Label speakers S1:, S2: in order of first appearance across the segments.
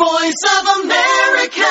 S1: voice of America.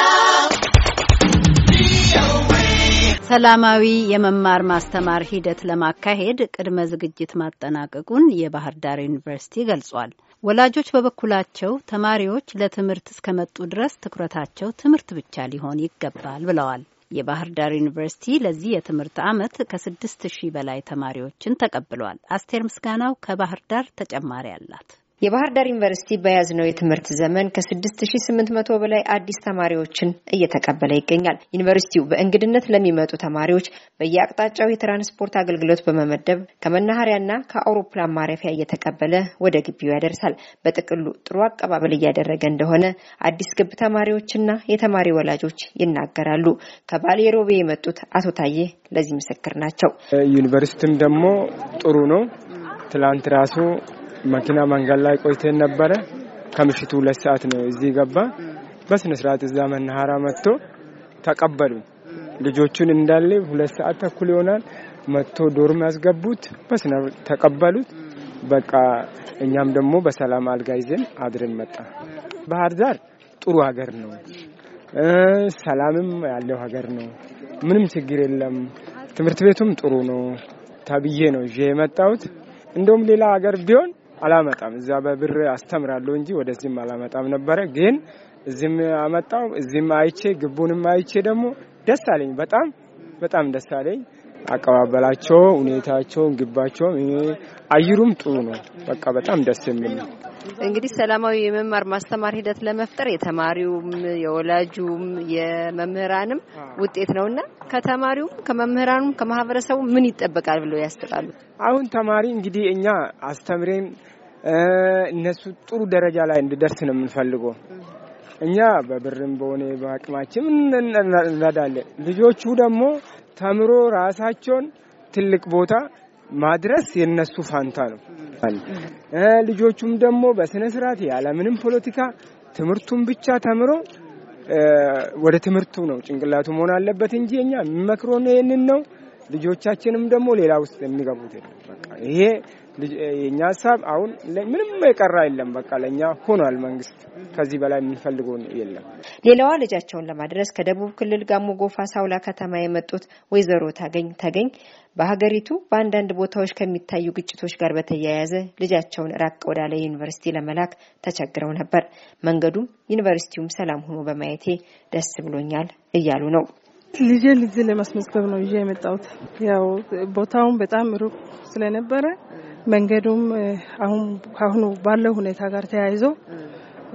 S2: ሰላማዊ የመማር ማስተማር ሂደት ለማካሄድ ቅድመ ዝግጅት ማጠናቀቁን የባህር ዳር ዩኒቨርሲቲ ገልጿል። ወላጆች በበኩላቸው ተማሪዎች ለትምህርት እስከመጡ ድረስ ትኩረታቸው ትምህርት ብቻ ሊሆን ይገባል ብለዋል። የባህር ዳር ዩኒቨርሲቲ ለዚህ የትምህርት ዓመት ከስድስት ሺህ በላይ ተማሪዎችን ተቀብሏል። አስቴር ምስጋናው ከባህር ዳር ተጨማሪ አላት። የባህር ዳር ዩኒቨርሲቲ በያዝነው የትምህርት ዘመን ከ6800 በላይ አዲስ ተማሪዎችን እየተቀበለ ይገኛል። ዩኒቨርሲቲው በእንግድነት ለሚመጡ ተማሪዎች በየአቅጣጫው የትራንስፖርት አገልግሎት በመመደብ ከመናኸሪያና ከአውሮፕላን ማረፊያ እየተቀበለ ወደ ግቢው ያደርሳል። በጥቅሉ ጥሩ አቀባበል እያደረገ እንደሆነ አዲስ ግብ ተማሪዎችና የተማሪ ወላጆች ይናገራሉ። ከባሌ ሮቤ የመጡት አቶ ታዬ ለዚህ ምስክር ናቸው።
S3: ዩኒቨርሲቲም ደግሞ ጥሩ ነው። ትላንት ራሱ መኪና መንገድ ላይ ቆይተን ነበረ። ከምሽቱ ሁለት ሰዓት ነው እዚህ ገባ። በስነ ስርዓት እዛ መናሃራ መጥቶ ተቀበሉኝ። ልጆቹን እንዳለ ሁለት ሰዓት ተኩል ይሆናል መጥቶ ዶርም ያስገቡት፣ በስነ ተቀበሉት። በቃ እኛም ደግሞ በሰላም አልጋ ይዘን አድረን መጣ። ባህር ዳር ጥሩ ሀገር ነው፣ ሰላምም ያለው ሀገር ነው። ምንም ችግር የለም። ትምህርት ቤቱም ጥሩ ነው ተብዬ ነው ይዤ የመጣሁት። እንደውም ሌላ ሀገር ቢሆን አላመጣም። እዛ በብር አስተምራለሁ እንጂ ወደዚህም አላመጣም ነበረ። ግን እዚህም አመጣው። እዚህም አይቼ ግቡንም አይቼ ደግሞ ደስ አለኝ። በጣም በጣም ደስ አለኝ። አቀባበላቸው፣ ሁኔታቸው፣ ግባቸው፣ አየሩም ጥሩ ነው። በቃ በጣም ደስ የሚል ነው።
S2: እንግዲህ ሰላማዊ የመማር ማስተማር ሂደት ለመፍጠር የተማሪውም የወላጁም የመምህራንም ውጤት ነውና ከተማሪውም ከመምህራኑም ከማህበረሰቡ ምን ይጠበቃል ብለው ያስጥላሉ?
S3: አሁን ተማሪ እንግዲህ እኛ አስተምሬን እነሱ ጥሩ ደረጃ ላይ እንዲደርስ ነው የምንፈልገው። እኛ በብርም በሆነ በአቅማችን እንረዳለን። ልጆቹ ደግሞ ተምሮ ራሳቸውን ትልቅ ቦታ ማድረስ የነሱ ፋንታ ነው። ልጆቹም ደግሞ በስነ ስርዓት ያለምንም ፖለቲካ ትምህርቱን ብቻ ተምሮ ወደ ትምህርቱ ነው ጭንቅላቱ መሆን አለበት እንጂ እኛ የሚመክሮን ይህንን ነው። ልጆቻችንም ደግሞ ሌላ ውስጥ የሚገቡት ይሄ የእኛ ሀሳብ አሁን ምንም የቀራ የለም። በቃ ለእኛ ሆኗል። መንግስት ከዚህ በላይ የምንፈልገው የለም።
S2: ሌላዋ ልጃቸውን ለማድረስ ከደቡብ ክልል ጋሞ ጎፋ ሳውላ ከተማ የመጡት ወይዘሮ ታገኝ ተገኝ በሀገሪቱ በአንዳንድ ቦታዎች ከሚታዩ ግጭቶች ጋር በተያያዘ ልጃቸውን ራቅ ወዳለ ዩኒቨርሲቲ ለመላክ ተቸግረው ነበር። መንገዱም
S1: ዩኒቨርሲቲውም ሰላም ሆኖ በማየቴ ደስ ብሎኛል እያሉ ነው። ልጄን እዚህ ለማስመዝገብ ነው ይዤ የመጣሁት። ያው ቦታውን በጣም ሩቅ ስለነበረ መንገዱም አሁን ካሁኑ ባለው ሁኔታ ጋር ተያይዞ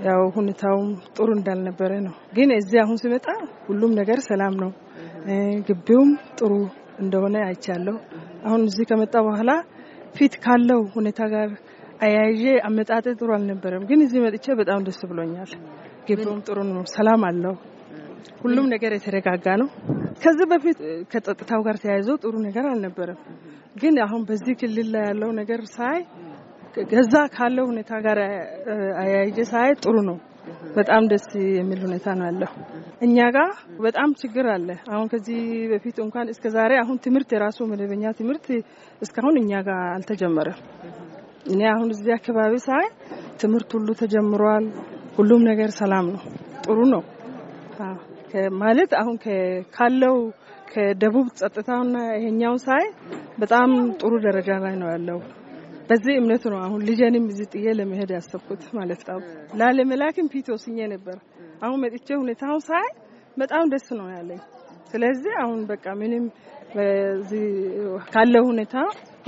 S1: ያው ሁኔታውም ጥሩ እንዳልነበረ ነው። ግን እዚህ አሁን ሲመጣ ሁሉም ነገር ሰላም ነው። ግቢውም ጥሩ እንደሆነ አይቻለሁ። አሁን እዚህ ከመጣ በኋላ ፊት ካለው ሁኔታ ጋር አያይዤ አመጣጤ ጥሩ አልነበረም። ግን እዚህ መጥቼ በጣም ደስ ብሎኛል። ግቢውም ጥሩ ነው፣ ሰላም አለው። ሁሉም ነገር የተረጋጋ ነው። ከዚህ በፊት ከጸጥታው ጋር ተያይዞ ጥሩ ነገር አልነበረም። ግን አሁን በዚህ ክልል ላይ ያለው ነገር ሳይ ገዛ ካለው ሁኔታ ጋር አያይጀ ሳይ ጥሩ ነው። በጣም ደስ የሚል ሁኔታ ነው ያለው። እኛ ጋር በጣም ችግር አለ። አሁን ከዚህ በፊት እንኳን እስከ ዛሬ አሁን ትምህርት የራሱ መደበኛ ትምህርት እስካሁን እኛ ጋር አልተጀመረም። እኔ አሁን እዚህ አካባቢ ሳይ ትምህርት ሁሉ ተጀምሯል። ሁሉም ነገር ሰላም ነው፣ ጥሩ ነው ማለት አሁን ካለው ከደቡብ ጸጥታውና ይሄኛው ሳይ በጣም ጥሩ ደረጃ ላይ ነው ያለው። በዚህ እምነት ነው አሁን ልጄንም እዚህ ጥዬ ለመሄድ ያሰብኩት ማለት ነው። ላለመላክም ፊት ወስኜ ነበር። አሁን መጥቼ ሁኔታውን ሳይ በጣም ደስ ነው ያለኝ። ስለዚህ አሁን በቃ ምንም ካለው ሁኔታ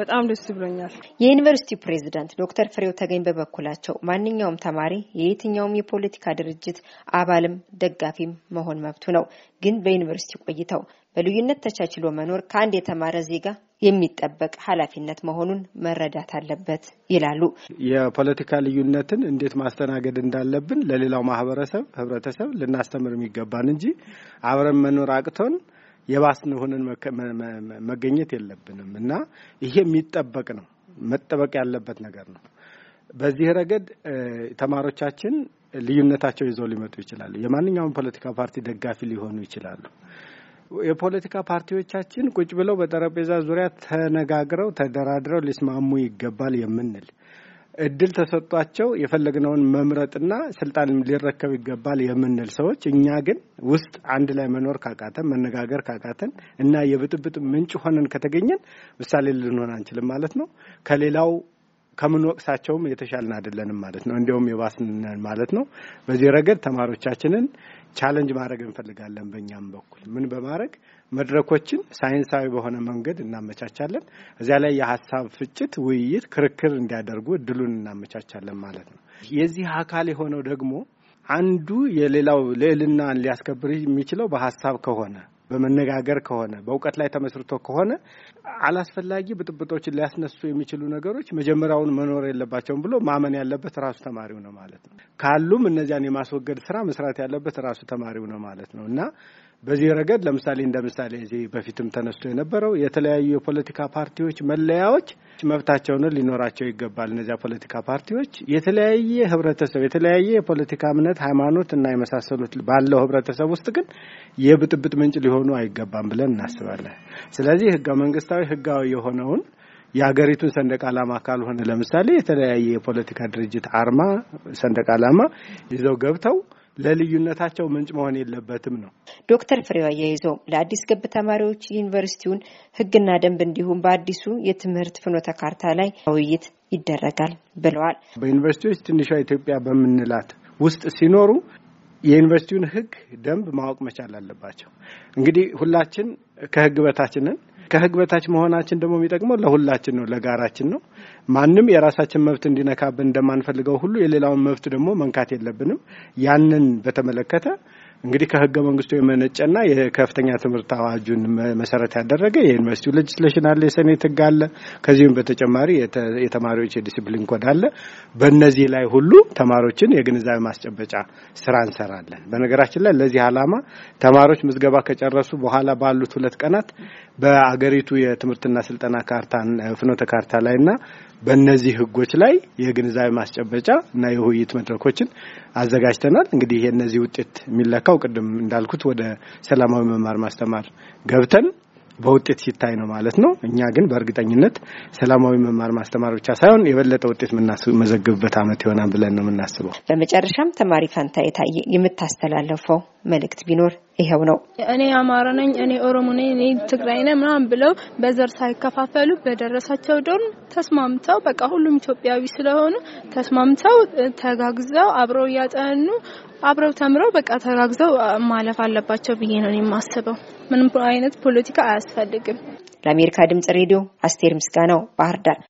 S1: በጣም ደስ ብሎኛል። የዩኒቨርሲቲ
S2: ፕሬዝዳንት ዶክተር ፍሬው ተገኝ በበኩላቸው ማንኛውም ተማሪ የየትኛውም የፖለቲካ ድርጅት አባልም ደጋፊም መሆን መብቱ ነው፣ ግን በዩኒቨርሲቲ ቆይተው በልዩነት ተቻችሎ መኖር ከአንድ የተማረ ዜጋ የሚጠበቅ ኃላፊነት መሆኑን መረዳት አለበት
S4: ይላሉ። የፖለቲካ ልዩነትን እንዴት ማስተናገድ እንዳለብን ለሌላው ማህበረሰብ ህብረተሰብ ልናስተምር የሚገባን እንጂ አብረን መኖር አቅቶን የባስን ሆነን መገኘት የለብንም እና ይሄ የሚጠበቅ ነው፣ መጠበቅ ያለበት ነገር ነው። በዚህ ረገድ ተማሪዎቻችን ልዩነታቸው ይዘው ሊመጡ ይችላሉ። የማንኛውም ፖለቲካ ፓርቲ ደጋፊ ሊሆኑ ይችላሉ። የፖለቲካ ፓርቲዎቻችን ቁጭ ብለው በጠረጴዛ ዙሪያ ተነጋግረው ተደራድረው ሊስማሙ ይገባል የምንል እድል ተሰጧቸው የፈለግነውን መምረጥና ስልጣን ሊረከብ ይገባል የምንል ሰዎች፣ እኛ ግን ውስጥ አንድ ላይ መኖር ካቃተን መነጋገር ካቃተን እና የብጥብጥ ምንጭ ሆነን ከተገኘን ምሳሌ ልንሆን አንችልም ማለት ነው። ከሌላው ከምንወቅሳቸውም የተሻልን አይደለንም ማለት ነው። እንዲያውም የባስንን ማለት ነው። በዚህ ረገድ ተማሪዎቻችንን ቻለንጅ ማድረግ እንፈልጋለን። በእኛም በኩል ምን በማድረግ መድረኮችን ሳይንሳዊ በሆነ መንገድ እናመቻቻለን። እዚያ ላይ የሀሳብ ፍጭት፣ ውይይት፣ ክርክር እንዲያደርጉ እድሉን እናመቻቻለን ማለት ነው። የዚህ አካል የሆነው ደግሞ አንዱ የሌላው ልዕልናን ሊያስከብር የሚችለው በሀሳብ ከሆነ በመነጋገር ከሆነ በእውቀት ላይ ተመስርቶ ከሆነ አላስፈላጊ ብጥብጦችን ሊያስነሱ የሚችሉ ነገሮች መጀመሪያውን መኖር የለባቸውም ብሎ ማመን ያለበት ራሱ ተማሪው ነው ማለት ነው። ካሉም እነዚያን የማስወገድ ስራ መስራት ያለበት ራሱ ተማሪው ነው ማለት ነው እና በዚህ ረገድ ለምሳሌ እንደ ምሳሌ እዚህ በፊትም ተነስቶ የነበረው የተለያዩ የፖለቲካ ፓርቲዎች መለያዎች መብታቸውን ሊኖራቸው ይገባል። እነዚያ ፖለቲካ ፓርቲዎች የተለያየ ህብረተሰብ፣ የተለያየ የፖለቲካ እምነት፣ ሃይማኖት እና የመሳሰሉት ባለው ህብረተሰብ ውስጥ ግን የብጥብጥ ምንጭ ሊሆኑ አይገባም ብለን እናስባለን። ስለዚህ ህገ መንግስታዊ ህጋዊ የሆነውን የሀገሪቱን ሰንደቅ ዓላማ ካልሆነ ለምሳሌ የተለያየ የፖለቲካ ድርጅት አርማ ሰንደቅ ዓላማ ይዘው ገብተው ለልዩነታቸው ምንጭ መሆን የለበትም ነው።
S2: ዶክተር ፍሬው አያይዘው ለአዲስ ገብ ተማሪዎች ዩኒቨርሲቲውን ሕግና ደንብ እንዲሁም በአዲሱ የትምህርት ፍኖተ ካርታ ላይ ውይይት ይደረጋል
S4: ብለዋል። በዩኒቨርሲቲዎች ትንሿ ኢትዮጵያ በምንላት ውስጥ ሲኖሩ የዩኒቨርሲቲውን ሕግ ደንብ ማወቅ መቻል አለባቸው። እንግዲህ ሁላችን ከሕግ በታችንን ከህግ በታች መሆናችን ደግሞ የሚጠቅመው ለሁላችን ነው፣ ለጋራችን ነው። ማንም የራሳችን መብት እንዲነካብን እንደማንፈልገው ሁሉ የሌላውን መብት ደግሞ መንካት የለብንም። ያንን በተመለከተ እንግዲህ ከህገ መንግስቱ የመነጨና የከፍተኛ ትምህርት አዋጁን መሰረት ያደረገ የዩኒቨርሲቲው ሌጅስሌሽን አለ፣ የሴኔት ህግ አለ። ከዚህም በተጨማሪ የተማሪዎች የዲሲፕሊን ኮድ አለ። በእነዚህ ላይ ሁሉ ተማሪዎችን የግንዛቤ ማስጨበጫ ስራ እንሰራለን። በነገራችን ላይ ለዚህ አላማ ተማሪዎች ምዝገባ ከጨረሱ በኋላ ባሉት ሁለት ቀናት በአገሪቱ የትምህርትና ስልጠና ካርታን ፍኖተ ካርታ ላይና በእነዚህ ህጎች ላይ የግንዛቤ ማስጨበጫ እና የውይይት መድረኮችን አዘጋጅተናል። እንግዲህ የእነዚህ ውጤት የሚለካ የተሳካው ቅድም እንዳልኩት ወደ ሰላማዊ መማር ማስተማር ገብተን በውጤት ሲታይ ነው ማለት ነው። እኛ ግን በእርግጠኝነት ሰላማዊ መማር ማስተማር ብቻ ሳይሆን የበለጠ ውጤት የምናስመዘግብበት አመት ይሆናል ብለን ነው የምናስበው። በመጨረሻም ተማሪ ፋንታ የታየ
S2: የምታስተላለፈው መልእክት ቢኖር ይሄው ነው። እኔ አማራ ነኝ፣ እኔ ኦሮሞ ነኝ፣ እኔ ትግራይ ነኝ ምናምን ብለው በዘር ሳይከፋፈሉ በደረሳቸው ዶርም ተስማምተው በቃ ሁሉም ኢትዮጵያዊ ስለሆኑ ተስማምተው ተጋግዘው አብረው እያጠኑ አብረው ተምረው በቃ ተጋግዘው ማለፍ አለባቸው ብዬ ነው የማስበው። ምንም አይነት ፖለቲካ
S1: አያስፈልግም።
S2: ለአሜሪካ ድምጽ ሬዲዮ አስቴር ምስጋናው ባህር ዳር